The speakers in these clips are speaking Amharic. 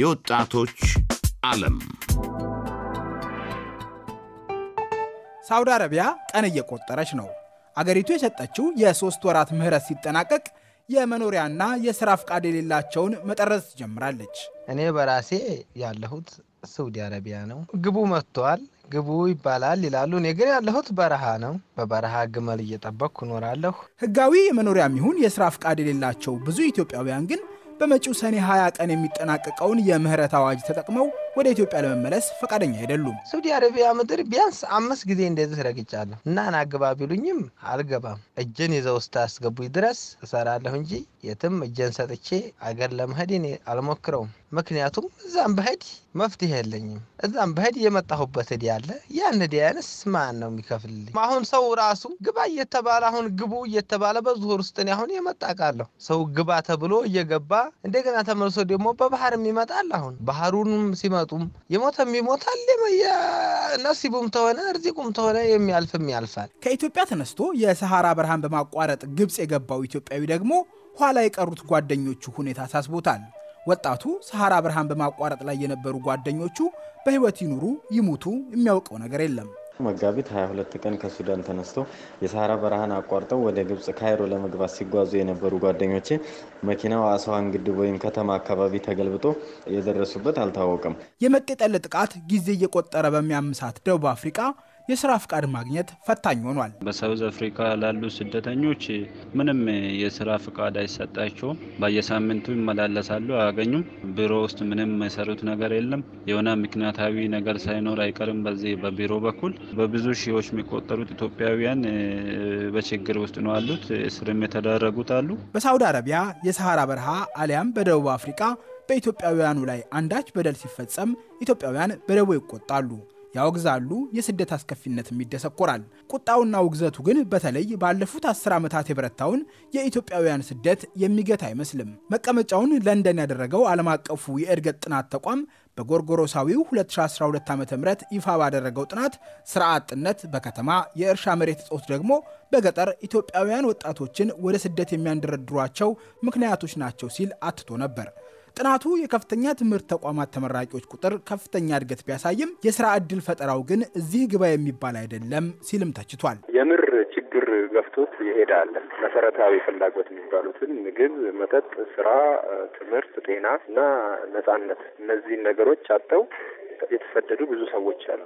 የወጣቶች ዓለም ሳውዲ አረቢያ ቀን እየቆጠረች ነው። አገሪቱ የሰጠችው የሦስት ወራት ምህረት ሲጠናቀቅ የመኖሪያና የሥራ ፍቃድ የሌላቸውን መጠረዝ ትጀምራለች። እኔ በራሴ ያለሁት ሳውዲ አረቢያ ነው። ግቡ መጥቷል። ግቡ ይባላል ይላሉ። እኔ ግን ያለሁት በረሃ ነው። በበረሃ ግመል እየጠበቅኩ እኖራለሁ። ህጋዊ የመኖሪያም ይሁን የሥራ ፍቃድ የሌላቸው ብዙ ኢትዮጵያውያን ግን በመጪው ሰኔ 20 ቀን የሚጠናቀቀውን የምህረት አዋጅ ተጠቅመው ወደ ኢትዮጵያ ለመመለስ ፈቃደኛ አይደሉም። ሳውዲ አረቢያ ምድር ቢያንስ አምስት ጊዜ እንደዚህ ረግጫለሁ እና ናግባ ቢሉኝም አልገባም። እጅን ይዘው ውስጥ አስገቡኝ ድረስ እሰራለሁ እንጂ የትም እጄን ሰጥቼ አገር ለመሄድ እኔ አልሞክረውም። ምክንያቱም እዛም በህድ መፍትሄ የለኝም። እዛም በህድ የመጣሁበት ህድ ያለ ያን ህድ ያንስ ማን ነው የሚከፍልልኝ? አሁን ሰው ራሱ ግባ እየተባለ አሁን ግቡ እየተባለ በዙር ውስጥ እኔ አሁን የመጣቃለሁ ሰው ግባ ተብሎ እየገባ እንደገና ተመልሶ ደግሞ በባህር የሚመጣል አሁን ባህሩንም ሲመጡ አይሰጡም። የሞተም ይሞታል፣ ነሲቡም ተሆነ እርዚቁም ተሆነ የሚያልፍም ያልፋል። ከኢትዮጵያ ተነስቶ የሰሐራ በረሃን በማቋረጥ ግብፅ የገባው ኢትዮጵያዊ ደግሞ ኋላ የቀሩት ጓደኞቹ ሁኔታ አሳስቦታል። ወጣቱ ሰሃራ በረሃን በማቋረጥ ላይ የነበሩ ጓደኞቹ በሕይወት ይኑሩ ይሙቱ የሚያውቀው ነገር የለም። መጋቢት 22 ቀን ከሱዳን ተነስተው የሳህራ በረሃን አቋርጠው ወደ ግብፅ ካይሮ ለመግባት ሲጓዙ የነበሩ ጓደኞቼ መኪናው አስዋን ግድብ ወይም ከተማ አካባቢ ተገልብጦ የደረሱበት አልታወቀም። የመጤጠል ጥቃት ጊዜ እየቆጠረ በሚያምሳት ደቡብ አፍሪቃ የስራ ፍቃድ ማግኘት ፈታኝ ሆኗል። በሳውዝ አፍሪካ ላሉ ስደተኞች ምንም የስራ ፍቃድ አይሰጣቸውም። በየሳምንቱ ይመላለሳሉ፣ አያገኙም። ቢሮ ውስጥ ምንም የሰሩት ነገር የለም። የሆነ ምክንያታዊ ነገር ሳይኖር አይቀርም። በዚህ በቢሮ በኩል በብዙ ሺዎች የሚቆጠሩት ኢትዮጵያውያን በችግር ውስጥ ነው ያሉት። እስርም የተደረጉት አሉ። በሳውዲ አረቢያ የሰሃራ በረሃ አሊያም በደቡብ አፍሪካ በኢትዮጵያውያኑ ላይ አንዳች በደል ሲፈጸም ኢትዮጵያውያን በደቦ ይቆጣሉ። ያወግዛሉ፣ የስደት አስከፊነትም ይደሰኮራል። ቁጣውና ውግዘቱ ግን በተለይ ባለፉት አስር ዓመታት የበረታውን የኢትዮጵያውያን ስደት የሚገት አይመስልም። መቀመጫውን ለንደን ያደረገው ዓለም አቀፉ የእድገት ጥናት ተቋም በጎርጎሮሳዊው 2012 ዓ ም ይፋ ባደረገው ጥናት ስራ አጥነት በከተማ የእርሻ መሬት እጦት ደግሞ በገጠር ኢትዮጵያውያን ወጣቶችን ወደ ስደት የሚያንደረድሯቸው ምክንያቶች ናቸው ሲል አትቶ ነበር። ጥናቱ የከፍተኛ ትምህርት ተቋማት ተመራቂዎች ቁጥር ከፍተኛ እድገት ቢያሳይም የስራ ዕድል ፈጠራው ግን እዚህ ግባ የሚባል አይደለም ሲልም ተችቷል። የምር ችግር ገፍቶት ይሄዳል። መሰረታዊ ፍላጎት የሚባሉትን ምግብ፣ መጠጥ፣ ስራ፣ ትምህርት፣ ጤና እና ነጻነት እነዚህን ነገሮች አጥተው የተሰደዱ ብዙ ሰዎች አሉ።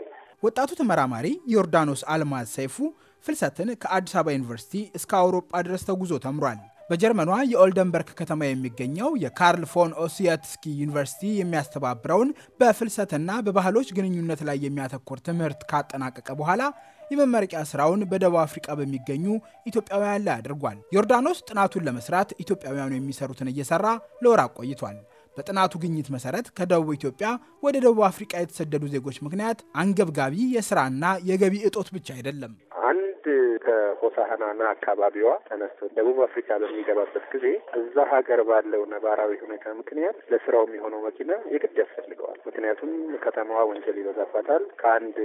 ወጣቱ ተመራማሪ ዮርዳኖስ አልማዝ ሰይፉ ፍልሰትን ከአዲስ አበባ ዩኒቨርሲቲ እስከ አውሮፓ ድረስ ተጉዞ ተምሯል። በጀርመኗ የኦልደንበርግ ከተማ የሚገኘው የካርል ፎን ኦሲያትስኪ ዩኒቨርሲቲ የሚያስተባብረውን በፍልሰትና በባህሎች ግንኙነት ላይ የሚያተኩር ትምህርት ካጠናቀቀ በኋላ የመመረቂያ ስራውን በደቡብ አፍሪካ በሚገኙ ኢትዮጵያውያን ላይ አድርጓል። ዮርዳኖስ ጥናቱን ለመስራት ኢትዮጵያውያኑ የሚሰሩትን እየሰራ ለወራት ቆይቷል። በጥናቱ ግኝት መሰረት ከደቡብ ኢትዮጵያ ወደ ደቡብ አፍሪካ የተሰደዱ ዜጎች ምክንያት አንገብጋቢ የስራና የገቢ እጦት ብቻ አይደለም ሳህናና አካባቢዋ ተነስቶ ደቡብ አፍሪካ በሚገባበት ጊዜ እዛ ሀገር ባለው ነባራዊ ሁኔታ ምክንያት ለስራው የሚሆነው መኪና የግድ ያስፈልገዋል። ምክንያቱም ከተማዋ ወንጀል ይበዛባታል። ከአንድ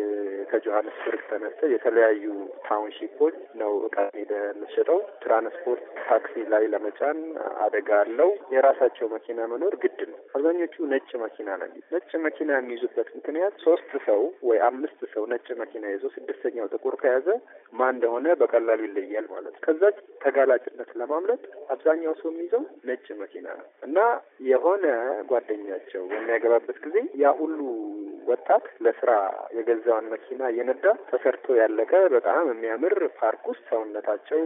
ከጆሀንስበርግ ተነስተ የተለያዩ ታውንሺፖች ነው እቃ ሄደ የምትሸጠው። ትራንስፖርት ታክሲ ላይ ለመጫን አደጋ አለው። የራሳቸው መኪና መኖር ግድ ነው። አብዛኞቹ ነጭ መኪና ነው። ነጭ መኪና የሚይዙበት ምክንያት ሶስት ሰው ወይ አምስት ሰው ነጭ መኪና ይዞ ስድስተኛው ጥቁር ከያዘ ማን እንደሆነ በቀላል በቀላሉ ይለያል ማለት ነው። ከዛች ተጋላጭነት ለማምለጥ አብዛኛው ሰው የሚይዘው ነጭ መኪና ነው እና የሆነ ጓደኛቸው በሚያገባበት ጊዜ ያ ሁሉ ወጣት ለስራ የገዛውን መኪና እየነዳ ተሰርቶ ያለቀ በጣም የሚያምር ፓርክ ውስጥ ሰውነታቸው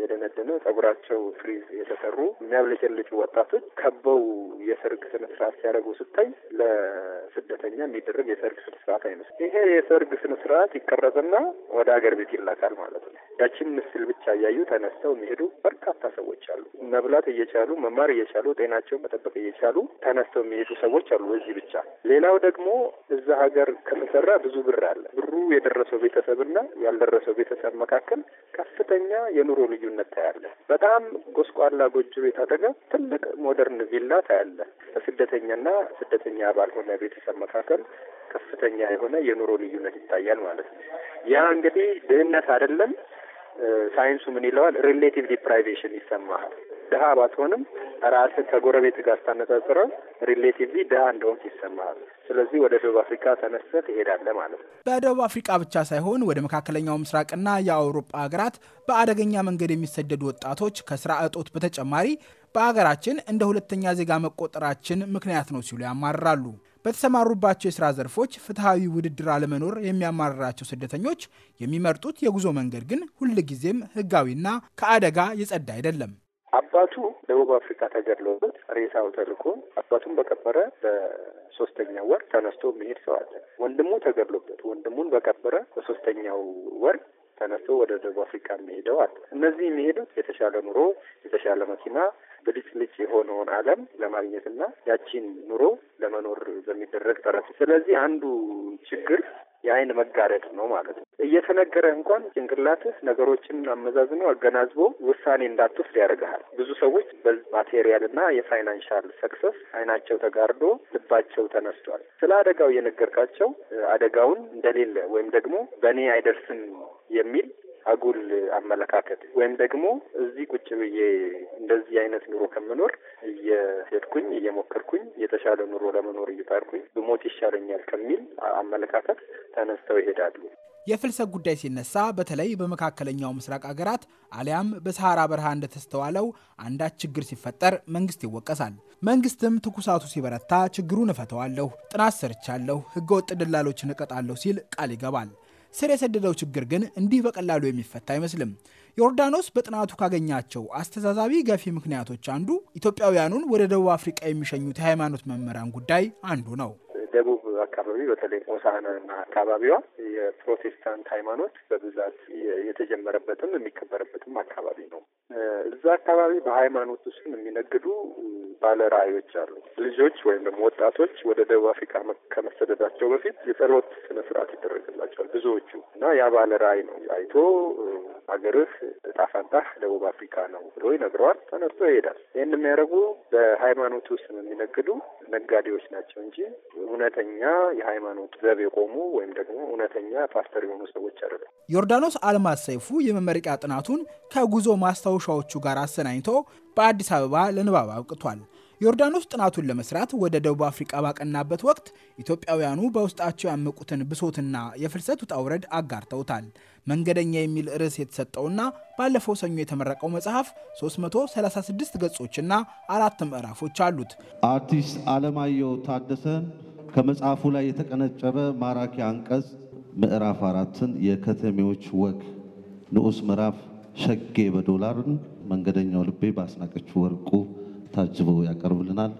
የደነደነ ጸጉራቸው ፍሪዝ የተሰሩ የሚያብለጨልጩ ወጣቶች ከበው የሰርግ ስነስርዓት ሲያደርጉ ስታይ ለስደተኛ የሚደረግ የሰርግ ስነስርዓት አይመስል። ይሄ የሰርግ ስነስርዓት ይቀረጽና ወደ ሀገር ቤት ይላካል ማለት ነው። ያችን ምስል ብቻ እያዩ ተነስተው የሚሄዱ በርካታ ሰዎች አሉ። መብላት እየቻሉ መማር እየቻሉ ጤናቸውን መጠበቅ እየቻሉ ተነስተው የሚሄዱ ሰዎች አሉ። በዚህ ብቻ ሌላው ደግሞ እዛ ሀገር ከተሰራ ብዙ ብር አለ። ብሩ የደረሰው ቤተሰብና ያልደረሰው ቤተሰብ መካከል ከፍተኛ የኑሮ ልዩነት ታያለ። በጣም ጎስቋላ ጎጆ ቤት አጠገብ ትልቅ ሞደርን ቪላ ታያለ። በስደተኛና ስደተኛ ባልሆነ ቤተሰብ መካከል ከፍተኛ የሆነ የኑሮ ልዩነት ይታያል ማለት ነው። ያ እንግዲህ ድህነት አይደለም ሳይንሱ ምን ይለዋል? ሪሌቲቭ ዲፕራይቬሽን ይሰማሃል። ድሀ ባትሆንም ራስህ ከጎረቤት ጋር ስታነጻጽረው ሪሌቲቭሊ ድሀ እንደሆንክ ይሰማሃል። ስለዚህ ወደ ደቡብ አፍሪካ ተነስተህ ትሄዳለህ ማለት ነው። በደቡብ አፍሪካ ብቻ ሳይሆን ወደ መካከለኛው ምስራቅና የአውሮፓ ሀገራት በአደገኛ መንገድ የሚሰደዱ ወጣቶች ከስራ እጦት በተጨማሪ በሀገራችን እንደ ሁለተኛ ዜጋ መቆጠራችን ምክንያት ነው ሲሉ ያማራሉ። በተሰማሩባቸው የስራ ዘርፎች ፍትሐዊ ውድድር አለመኖር የሚያማርራቸው ስደተኞች የሚመርጡት የጉዞ መንገድ ግን ሁልጊዜም ህጋዊና ከአደጋ የጸዳ አይደለም። አባቱ ደቡብ አፍሪካ ተገድሎበት ሬሳው ተልኮ አባቱን በቀበረ በሶስተኛ ወር ተነስቶ መሄድ ሰዋለ። ወንድሙ ተገድሎበት ወንድሙን በቀበረ በሶስተኛው ወር ተነስቶ ወደ ደቡብ አፍሪካ የሚሄደዋል። እነዚህ የሚሄዱት የተሻለ ኑሮ፣ የተሻለ መኪና ብልጭልጭ የሆነውን ዓለም ለማግኘትና ያቺን ኑሮ ለመኖር በሚደረግ ጥረት። ስለዚህ አንዱ ችግር የአይን መጋረድ ነው ማለት ነው። እየተነገረ እንኳን ጭንቅላትህ ነገሮችን አመዛዝኖ አገናዝቦ ውሳኔ እንዳትወስድ ያደርግሃል። ብዙ ሰዎች በማቴሪያል እና የፋይናንሻል ሰክሰስ አይናቸው ተጋርዶ ልባቸው ተነስቷል። ስለ አደጋው የነገርካቸው አደጋውን እንደሌለ ወይም ደግሞ በእኔ አይደርስም የሚል አጉል አመለካከት ወይም ደግሞ እዚህ ቁጭ ብዬ እንደዚህ አይነት ኑሮ ከምኖር እየሄድኩኝ እየሞከርኩኝ የተሻለ ኑሮ ለመኖር እየጣርኩኝ ብሞት ይሻለኛል ከሚል አመለካከት ተነስተው ይሄዳሉ። የፍልሰት ጉዳይ ሲነሳ በተለይ በመካከለኛው ምስራቅ አገራት አሊያም በሰሐራ በረሃ እንደተስተዋለው አንዳች ችግር ሲፈጠር መንግስት ይወቀሳል። መንግስትም ትኩሳቱ ሲበረታ ችግሩን እፈተዋለሁ፣ ጥናት ሰርቻለሁ፣ ህገወጥ ደላሎችን እቀጣለሁ ሲል ቃል ይገባል። ስር የሰደደው ችግር ግን እንዲህ በቀላሉ የሚፈታ አይመስልም። ዮርዳኖስ በጥናቱ ካገኛቸው አስተዛዛቢ ገፊ ምክንያቶች አንዱ ኢትዮጵያውያኑን ወደ ደቡብ አፍሪቃ የሚሸኙት የሃይማኖት መምህራን ጉዳይ አንዱ ነው። ደቡብ አካባቢ በተለይ ሆሳዕናና አካባቢዋ የፕሮቴስታንት ሃይማኖት በብዛት የተጀመረበትም የሚከበረበትም አካባቢ ነው። እዛ አካባቢ በሃይማኖት ውስጥ የሚነግዱ ባለ ራዕዮች አሉ። ልጆች ወይም ደግሞ ወጣቶች ወደ ደቡብ አፍሪካ ከመሰደዳቸው በፊት የጸሎት ስነ ስርዓት ይደረግላቸዋል ብዙዎቹ እና ያ ባለ ራዕይ ነው። አይቶ ሀገርህ እጣ ፈንታህ ደቡብ አፍሪካ ነው ብሎ ይነግረዋል። ተነስቶ ይሄዳል። ይህን የሚያደርጉ በሃይማኖት ውስጥ የሚነግዱ ነጋዴዎች ናቸው እንጂ እውነተኛ የሃይማኖት ዘብ የቆሙ ወይም ደግሞ እውነተኛ ፓስተር የሆኑ ሰዎች አይደለም። ዮርዳኖስ አልማዝ ሰይፉ የመመረቂያ ጥናቱን ከጉዞ ማስታወሻዎቹ ጋር አሰናኝቶ በአዲስ አበባ ለንባብ አብቅቷል። ዮርዳኖስ ጥናቱን ለመስራት ወደ ደቡብ አፍሪቃ ባቀናበት ወቅት ኢትዮጵያውያኑ በውስጣቸው ያመቁትን ብሶትና የፍልሰት ውጣ ውረድ አጋርተውታል። መንገደኛ የሚል ርዕስ የተሰጠውና ባለፈው ሰኞ የተመረቀው መጽሐፍ 336 ገጾችና አራት ምዕራፎች አሉት። አርቲስት አለማየሁ ታደሰን ከመጽሐፉ ላይ የተቀነጨበ ማራኪ አንቀጽ ምዕራፍ አራትን የከተሜዎች ወግ ንዑስ ምዕራፍ ሸጌ በዶላርን መንገደኛው ልቤ ባስናቀችው ወርቁ ታጅቦ ያቀርብልናል።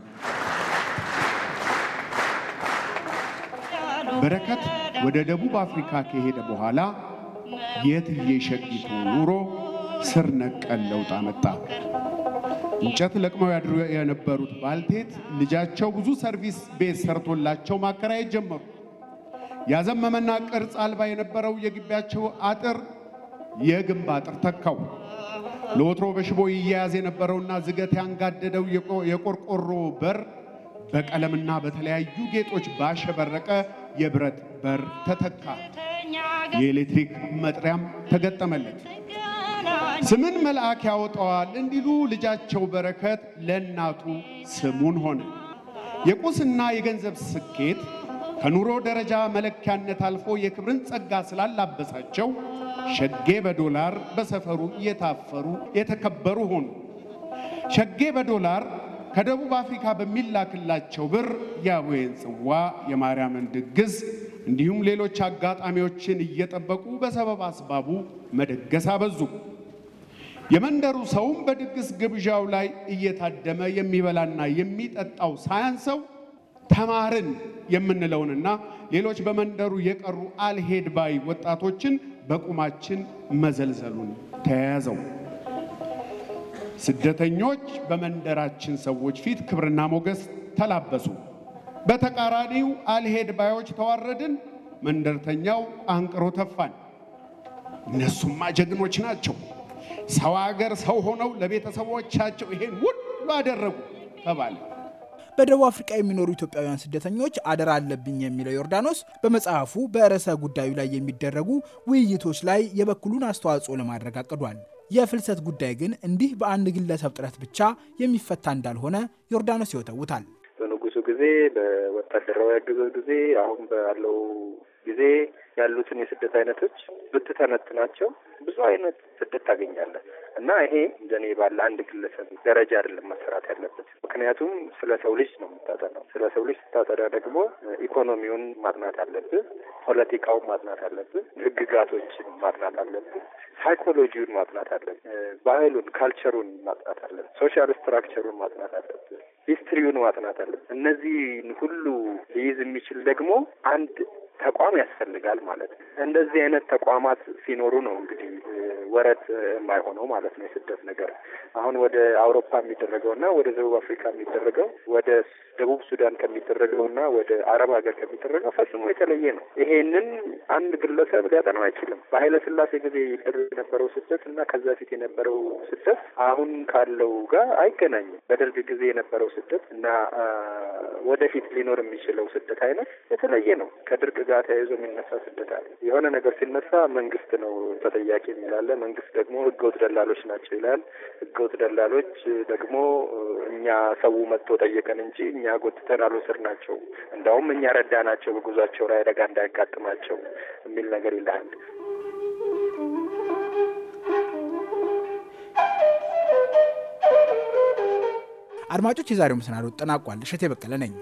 በረከት ወደ ደቡብ አፍሪካ ከሄደ በኋላ የእትዬ ሸቂቱ ኑሮ ስር ነቀል ለውጥ አመጣ። እንጨት ለቅመው ያድሩ የነበሩት ባልቴት ልጃቸው ብዙ ሰርቪስ ቤት ሰርቶላቸው ማከራየት ጀመሩ። ያዘመመና ቅርጽ አልባ የነበረው የግቢያቸው አጥር የግንብ አጥር ተካው። ለወትሮ በሽቦ ይያያዝ የነበረውና ዝገት ያንጋደደው የቆርቆሮ በር በቀለምና በተለያዩ ጌጦች ባሸበረቀ የብረት በር ተተካ። የኤሌክትሪክ መጥሪያም ተገጠመለት። ስምን መልአክ ያወጣዋል እንዲሉ ልጃቸው በረከት ለእናቱ ስሙን ሆነ። የቁስና የገንዘብ ስኬት ከኑሮ ደረጃ መለኪያነት አልፎ የክብርን ጸጋ ስላላበሳቸው ሸጌ በዶላር በሰፈሩ እየታፈሩ የተከበሩ ሆኑ። ሸጌ በዶላር ከደቡብ አፍሪካ በሚላክላቸው ብር የአቡዬን ጽዋ፣ የማርያምን ድግስ እንዲሁም ሌሎች አጋጣሚዎችን እየጠበቁ በሰበብ አስባቡ መደገስ አበዙ። የመንደሩ ሰውም በድግስ ግብዣው ላይ እየታደመ የሚበላና የሚጠጣው ሳያንሰው ተማርን የምንለውንና ሌሎች በመንደሩ የቀሩ አልሄድ ባይ ወጣቶችን በቁማችን መዘልዘሉን ተያያዘው። ስደተኞች በመንደራችን ሰዎች ፊት ክብርና ሞገስ ተላበሱ። በተቃራኒው አልሄድ ባዮች ተዋረድን፣ መንደርተኛው አንቅሮ ተፋን። እነሱማ ጀግኖች ናቸው፣ ሰው አገር ሰው ሆነው ለቤተሰቦቻቸው ይሄን ሁሉ አደረጉ ተባለ። በደቡብ አፍሪካ የሚኖሩ ኢትዮጵያውያን ስደተኞች አደራ አለብኝ የሚለው ዮርዳኖስ በመጽሐፉ በርዕሰ ጉዳዩ ላይ የሚደረጉ ውይይቶች ላይ የበኩሉን አስተዋጽኦ ለማድረግ አቅዷል። የፍልሰት ጉዳይ ግን እንዲህ በአንድ ግለሰብ ጥረት ብቻ የሚፈታ እንዳልሆነ ዮርዳኖስ ይወተውታል። በንጉሱ ጊዜ፣ በወታደራዊ ያገዘው ጊዜ፣ አሁን ባለው ጊዜ ያሉትን የስደት አይነቶች ብትተነትናቸው ብዙ አይነት ስደት ታገኛለህ እና ይሄ እንደኔ ባለ አንድ ግለሰብ ደረጃ አይደለም መሰራት ያለበት። ምክንያቱም ስለ ሰው ልጅ ነው የምታጠናው። ስለ ሰው ልጅ ስታጠና ደግሞ ኢኮኖሚውን ማጥናት አለብህ፣ ፖለቲካውን ማጥናት አለብህ፣ ህግጋቶችን ማጥናት አለብህ፣ ሳይኮሎጂውን ማጥናት አለብህ፣ ባህሉን ካልቸሩን ማጥናት አለብህ፣ ሶሻል ስትራክቸሩን ማጥናት አለብህ፣ ሂስትሪውን ማጥናት አለብህ። እነዚህን ሁሉ ሊይዝ የሚችል ደግሞ አንድ ተቋም ያስፈልጋል ማለት ነው። እንደዚህ አይነት ተቋማት ሲኖሩ ነው እንግዲህ ወረት የማይሆነው ማለት ነው የስደት ነገር። አሁን ወደ አውሮፓ የሚደረገው እና ወደ ደቡብ አፍሪካ የሚደረገው ወደ ደቡብ ሱዳን ከሚደረገው እና ወደ አረብ ሀገር ከሚደረገው ፈጽሞ የተለየ ነው። ይሄንን አንድ ግለሰብ ሊያጠናው አይችልም። በኃይለ ስላሴ ጊዜ ይደረግ የነበረው ስደት እና ከዛ ፊት የነበረው ስደት አሁን ካለው ጋር አይገናኝም። በደርግ ጊዜ የነበረው ስደት እና ወደፊት ሊኖር የሚችለው ስደት አይነት የተለየ ነው። ከድርቅ ጋር ተያይዞ የሚነሳ ስደት አለ። የሆነ ነገር ሲነሳ መንግስት ነው ተጠያቂ የሚላለ መንግስት ደግሞ ህገወጥ ደላሎች ናቸው ይላል። ህገወጥ ደላሎች ደግሞ እኛ ሰው መጥቶ ጠየቀን እንጂ እኛ ጎትተን ናቸው እንዳውም እኛ ረዳናቸው በጉዟቸው ላይ አደጋ እንዳያጋጥማቸው የሚል ነገር ይልሃል። አድማጮች፣ የዛሬው መሰናዶ ጠናቋል። እሸቴ በቀለ ነኝ።